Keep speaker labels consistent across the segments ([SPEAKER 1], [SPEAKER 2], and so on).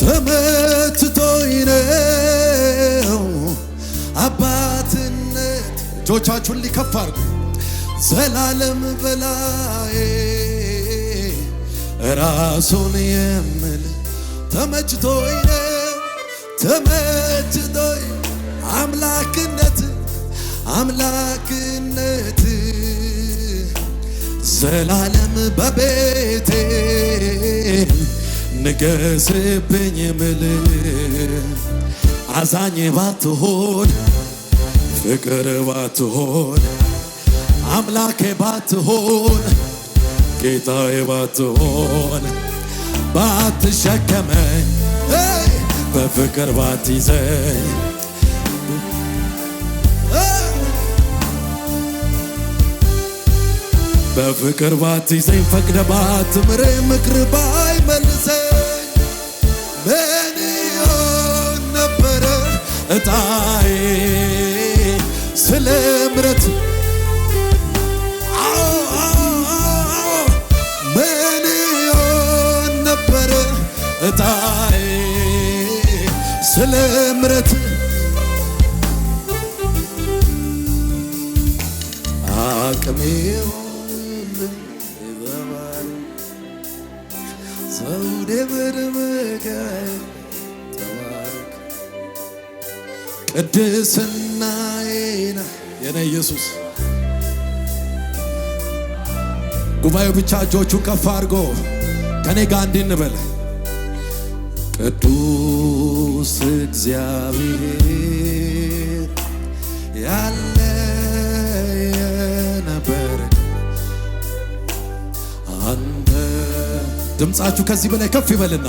[SPEAKER 1] ተመትቶኝ ነው አባትነት።
[SPEAKER 2] እጆቻችሁን ሊከፍ
[SPEAKER 1] ዘላለም በላዬ ራሱን የምል ተመችቶኝ ነው ተመችቶኝ አምላክነት አምላክነት ዘላለም በቤቴ ንገስብኝ ምል አዛኝ ባትሆን ፍቅር ባትሆን አምላኬ ባትሆን ጌታዬ ባትሆን ባትሸከመኝ በፍቅር ባትይዘኝ በፍቅር ባትይዘኝ ፈቅደ ባትምር ምክር ባይመልሰ ምን ይሆን ነበረ እጣዬ ስለ ምረት ምን ነበረ እጣዬ ስለ ምረት አቅሜው ቅድስናዬን
[SPEAKER 2] የኔ ኢየሱስ ጉባኤው ብቻ እጆቹን ከፍ አድርጎ ከኔ ጋር እንዲህ እንበል
[SPEAKER 1] ቅዱስ እግዚአብሔር ያለ የነበረ አንተ
[SPEAKER 2] ድምፃችሁ ከዚህ በላይ ከፍ ይበልና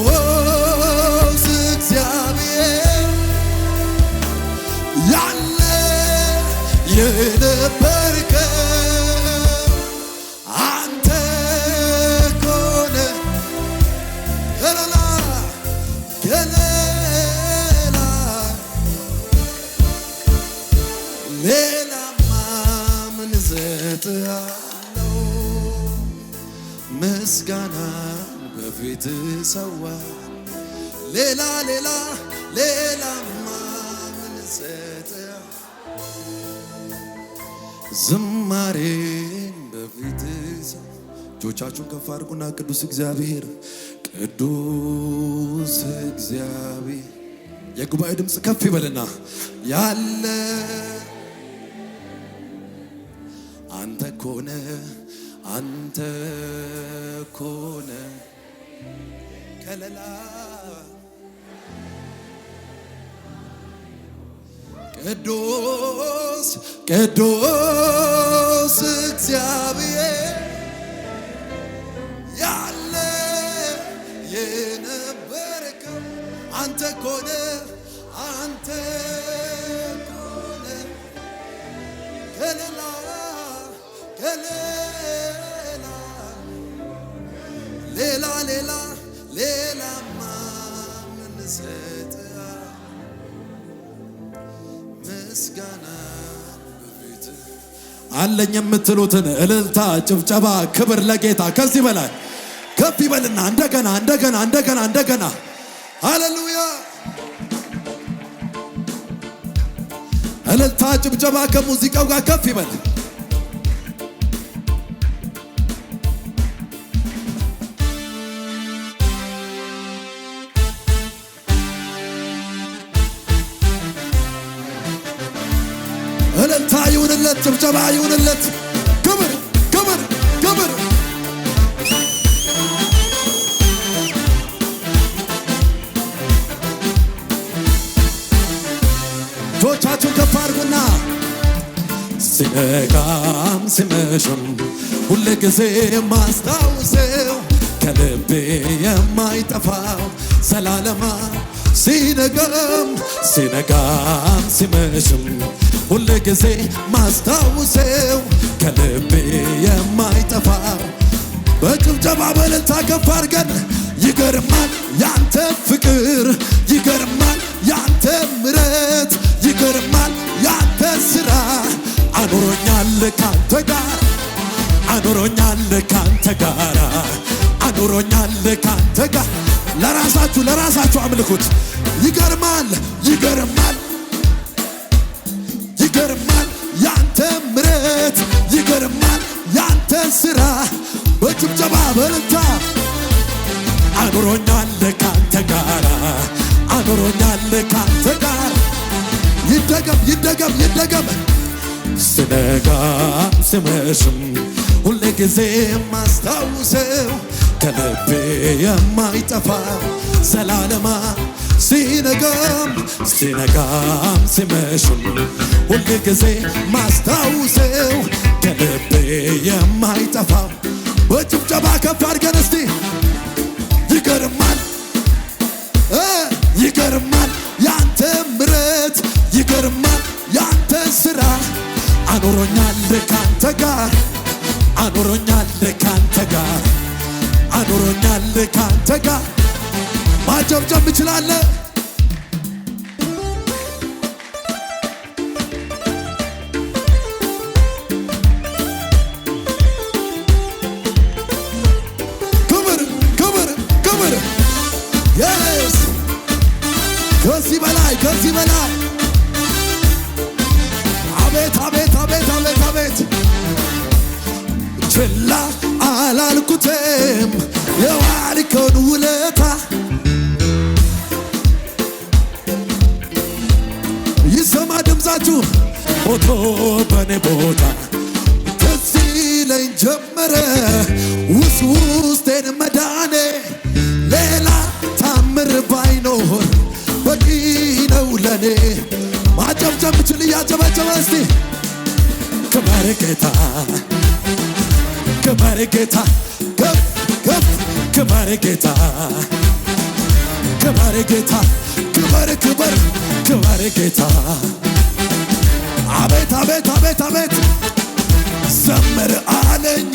[SPEAKER 1] ምስጋና በፊት ሰዋ ሌላ ሌላ ሌላማ ምን ሰጠ ዝማሬን በፊት
[SPEAKER 2] እጆቻችሁን ከፍ አድርጉና ቅዱስ እግዚአብሔር
[SPEAKER 1] ቅዱስ እግዚአብሔር
[SPEAKER 2] የጉባኤ ድምፅ ከፍ ይበልና
[SPEAKER 1] ያለ አንተ ከሆነ አንተ ኮነ ከለላ ቅዱስ ቅዱስ እግዚአብሔር ያለ የነበርከ አንተ ኮነ አንተ ኮነ ከለላ ከለላ ሌላ ሌላማ ምን ሰጥ ምስጋና በቤት
[SPEAKER 2] አለኝ የምትሉትን እልልታ፣ ጭብጨባ፣ ክብር ለጌታ ከዚህ በላይ ከፍ ይበልና እንደገና እንደገና እንደገና እንደገና ሃሌሉያ እልልታ፣ ጭብጨባ ከሙዚቃው ጋር ከፍ ይበል። ጭብጨባ ይሁንለት። ክብር ክብር ክብር። እጆቻችሁን ከፍ አድርጉና
[SPEAKER 1] ሲነጋም ሲመሽም ሁል ጊዜ የማስታውሰው ከልቤ የማይጠፋው ዘላለማ ሲነጋም ሲነጋም ሲመሽም ሁል ጊዜ ማስታውሰው ከልቤ የማይጠፋ
[SPEAKER 2] በጭብጨባ በእልልታ ከፍ አድርገን ይገርማል ያንተ ፍቅር ይገርማል ያንተ ምረት ይገርማል ያንተ ስራ አኑሮኛል ካንተ ጋር አኑሮኛል ካንተ ጋር አኑሮኛል ካንተ ጋር። ለራሳችሁ ለራሳችሁ አምልኩት። ይገርማል ይገርማል ይገርማል ያንተ ምረት ይገርማል ያንተ ስራ በጭብጨባ በልታ አኑሮኛል ካንተ ጋር አኑሮኛል ካንተ ጋር ይደገም ይደገም ይደገም
[SPEAKER 1] ስነጋ ስመሽም ሁሌ ጊዜ ማስታውሰው ከልቤ የማይጠፋ ዘላለማ ሲነጋም ሲነጋም ሲመሽም ሁል ጊዜ ማስታውሰው ከልቤ የማይጠፋ
[SPEAKER 2] በጭብጨባ ከፍ አድርገን እስቲ ይገርማል ይገርማል ያንተ ምረት ይገርማል ያንተ ስራ አኖሮኛል ካንተ ጋር አኖሮኛል ካንተ ጋር አኑሮኛል ካንተ ጋር ማጨብጨብ እችላለሁ
[SPEAKER 1] ጀመረ ውስ ውስጤን መዳኔ ሌላ ታምር ባይኖር በቂ ነው ለኔ።
[SPEAKER 2] ማጨብጨብ ምችል እያጨበጨበ እስቲ
[SPEAKER 1] ክበር ጌታ ክበር ጌታ ከፍ ከፍ ክበር ጌታ ክበር ጌታ ክበር ክበር ክበር ጌታ አቤት አቤት አቤት አቤት ዘምር አለኝ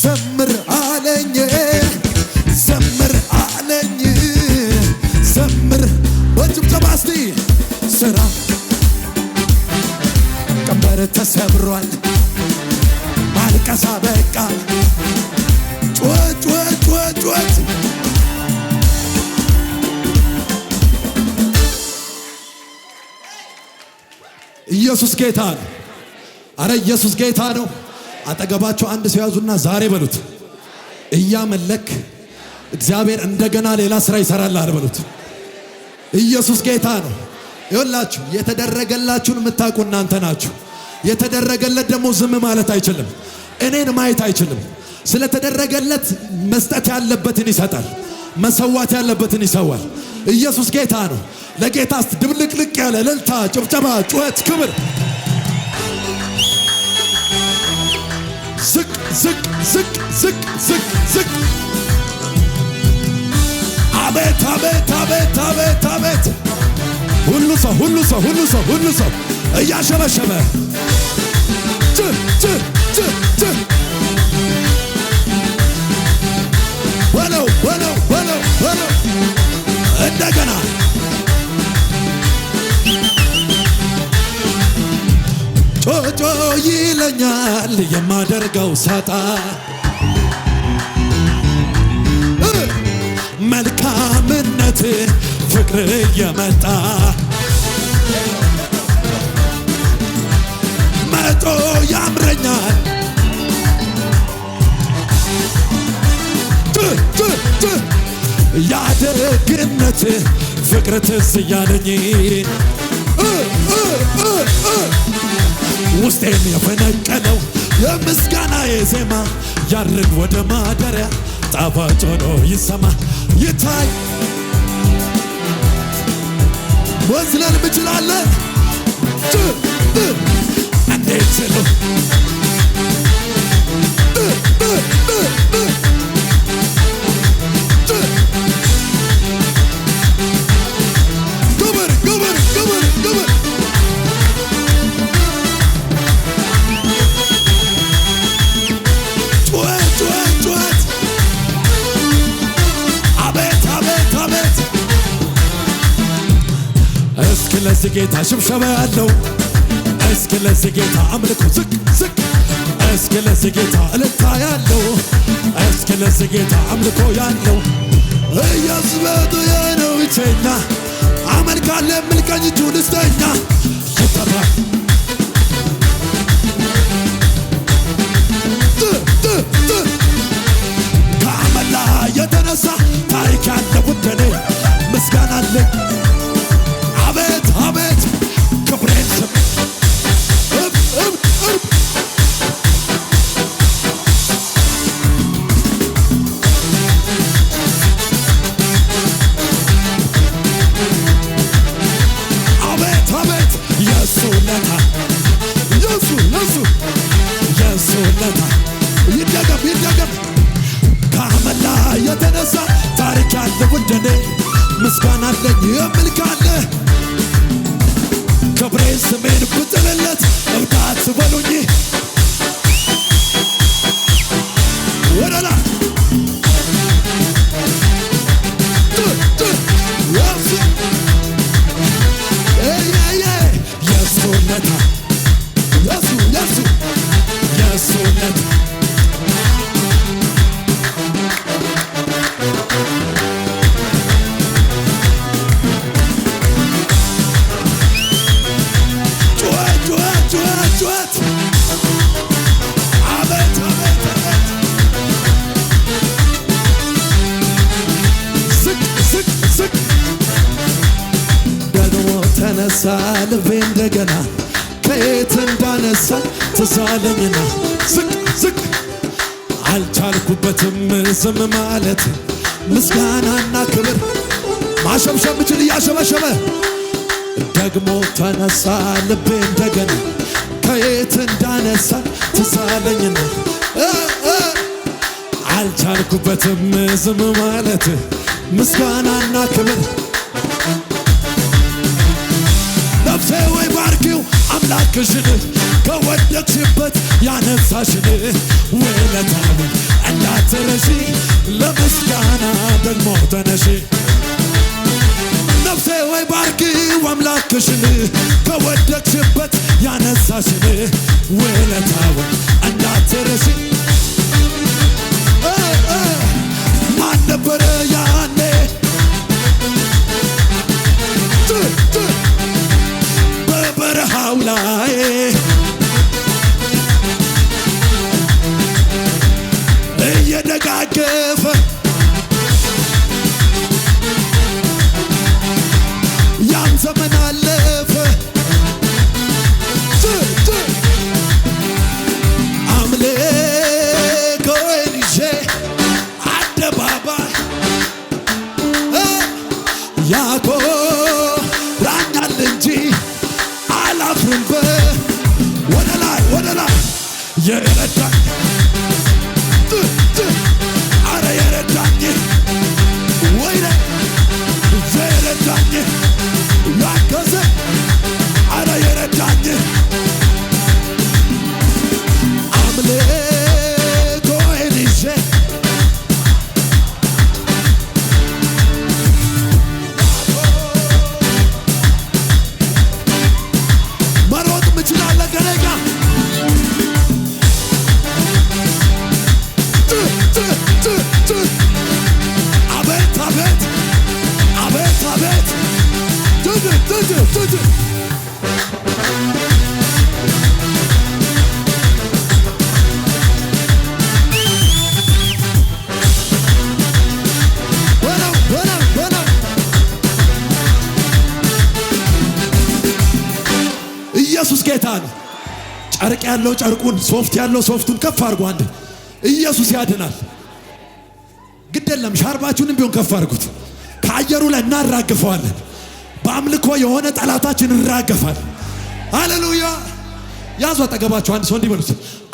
[SPEAKER 1] ዘምር አለኝ ዘምር አለኝ ዘምር
[SPEAKER 2] በጭብጨባ እስቲ ስራ
[SPEAKER 1] ቀንበር ተሰብሯል ማልቀሳ በቃ ጩኸት ጩኸት ጩኸት ጩኸት
[SPEAKER 2] ኢየሱስ ጌታ ነው። አረ ኢየሱስ ጌታ ነው። አጠገባቸው አንድ ሰው ያዙና ዛሬ በሉት እያመለክ እግዚአብሔር እንደገና ሌላ ስራ ይሰራልሃል በሉት። ኢየሱስ ጌታ ነው። ይወላችሁ የተደረገላችሁን የምታውቁ እናንተ ናችሁ። የተደረገለት ደግሞ ዝም ማለት አይችልም። እኔን ማየት አይችልም። ስለተደረገለት መስጠት ያለበትን ይሰጣል፣ መሰዋት ያለበትን ይሰዋል። ኢየሱስ ጌታ ነው። ለጌታስ ድብልቅልቅ ያለ ልልታ ጭብጨባ፣ ጩኸት፣ ክብር ዝቅ ዝቅ ዝቅ ዝቅ ዝቅ ዝቅ አቤት አቤት አቤት አቤት አቤት ሁሉ ሰው ሁሉ ሰው ሁሉ ሰው ሁሉ ሰው እያሸበሸበ ጭ ጭ ጭ ጭ
[SPEAKER 1] ይለኛል የማደርገው ሳጣ መልካምነት ፍቅር እየመጣ መጦ ያምረኛል ያደግነት ፍቅር ትዝ እያለኝ ውስጤን የፈነቀለው የምስጋና የዜማ ያርግ ወደ ማደሪያ ጣፋጭ ሆኖ ይሰማ ይታይ
[SPEAKER 2] ወዝለን ምችላለን እንዴት
[SPEAKER 1] ለዚህ ጌታ ሽብሸባ ያለው እስኪ ለዚህ ጌታ አምልኮ ዝቅ ዝቅ እስኪ ለዚህ ጌታ እልታ ያለው እስኪ ለዚህ ጌታ አምልኮ ያለው ኢየሱስ በጡዬ ብቸኛ አመልካለሁ የሚል ቀኝ ይጠራል ተነሳ ልቤ እንደገና ከየት እንዳነሳ ተሳለኝና ዝቅ ዝቅ አልቻልኩበትም ዝም ማለት ምስጋናና ክብር
[SPEAKER 2] ማሸብሸብ ብችል እያሸበሸበ
[SPEAKER 1] ደግሞ ተነሳ ልቤ እንደገና ከየት እንዳነሳ ተሳለኝና አልቻልኩበትም ዝም ማለት ምስጋናና ክብር ሰው ይባርኪው አምላክሽን ከወደቅሽበት ያነሳሽን ውለታውን እንዳትረሺ ለምስጋና ደግሞ ተነሺ ነፍሴ ወይ ባርኪው አምላክሽን ከወደቅሽበት ያነሳሽን ውለታውን እንዳትረሺ ማን ነበረ ያ በላው ላይ
[SPEAKER 2] ያለው ጨርቁን፣ ሶፍት ያለው ሶፍቱን ከፍ አድርጎ አንድ ኢየሱስ ያድናል። ግድ የለም ሻርባችሁንም ቢሆን ከፍ አድርጉት። ከአየሩ ላይ እናራግፈዋለን። በአምልኮ የሆነ ጠላታችን እንራገፋል። ሃሌሉያ ያዙ። አጠገባችሁ አንድ ሰው እንዲህ በሉት፣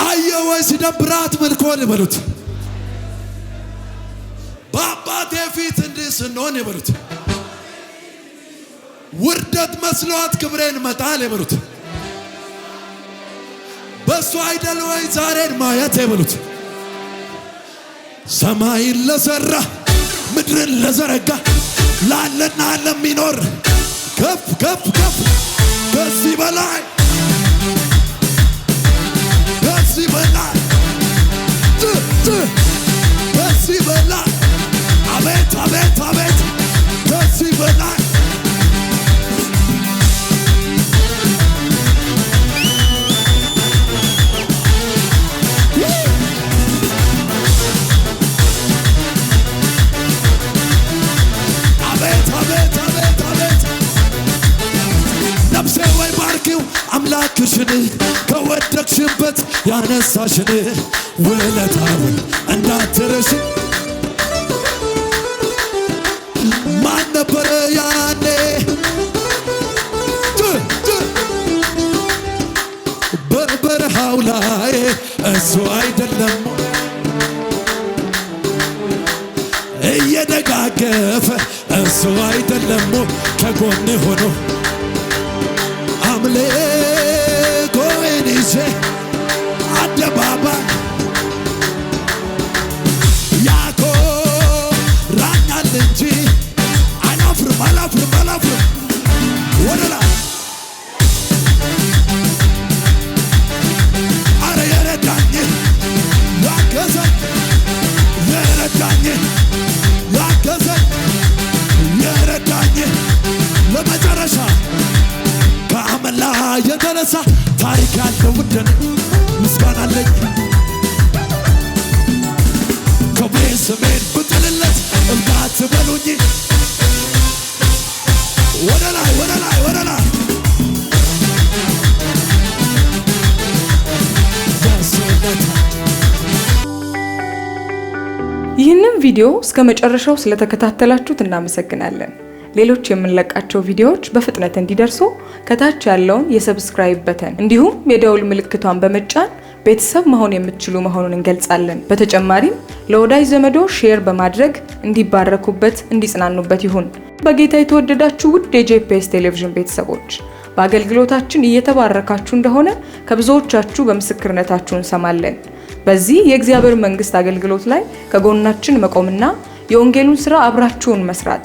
[SPEAKER 2] አየህ ወይ ሲደብራት ምልኮን በሉት። በአባቴ ፊት እንዲህ ስንሆን በሉት። ውርደት መስሏት ክብሬን መጣል የበሉት። በእሱ አይደል ወይ ዛሬን ማየት የበሉት ሰማይን ለሰራ ምድርን ለዘረጋ ላለና ለሚኖር ከፍ ከፍ ከፍ ከዚህ በላይ ከዚህ በላይ
[SPEAKER 1] ያነሳሽን ውለታውን እንዳትረሽ። ማን ነበረ ያኔ በበረሃው ላይ እሱ አይደለም እየደጋገፈ እሱ አይደለም ከጎን ሆኖ አምሌ አደባባይ ያኮራኛል እንጂ አላፍርም አላፍርም አላፍርም ወደላ አረ የረዳኝ ያገዘኝ የረዳኝ ያገዘኝ የረዳኝ ለመጨረሻ ከአመላ የተነሳ ታሪክ ያለው ውድ ነው ምስጋና አለኝ። ስሜን ብጥልለት እንዳትበሉኝ። ወደ ላይ ወደ ላይ ወደ ላይ
[SPEAKER 3] ይህንን ቪዲዮ እስከ መጨረሻው ስለተከታተላችሁት እናመሰግናለን። ሌሎች የምንለቃቸው ቪዲዮዎች በፍጥነት እንዲደርሱ ከታች ያለውን የሰብስክራይብ በተን እንዲሁም የደውል ምልክቷን በመጫን ቤተሰብ መሆን የምትችሉ መሆኑን እንገልጻለን። በተጨማሪም ለወዳጅ ዘመዶ ሼር በማድረግ እንዲባረኩበት፣ እንዲጽናኑበት ይሁን። በጌታ የተወደዳችሁ ውድ የጄፒኤስ ቴሌቪዥን ቤተሰቦች በአገልግሎታችን እየተባረካችሁ እንደሆነ ከብዙዎቻችሁ በምስክርነታችሁ እንሰማለን። በዚህ የእግዚአብሔር መንግስት አገልግሎት ላይ ከጎናችን መቆምና የወንጌሉን ስራ አብራችሁን መስራት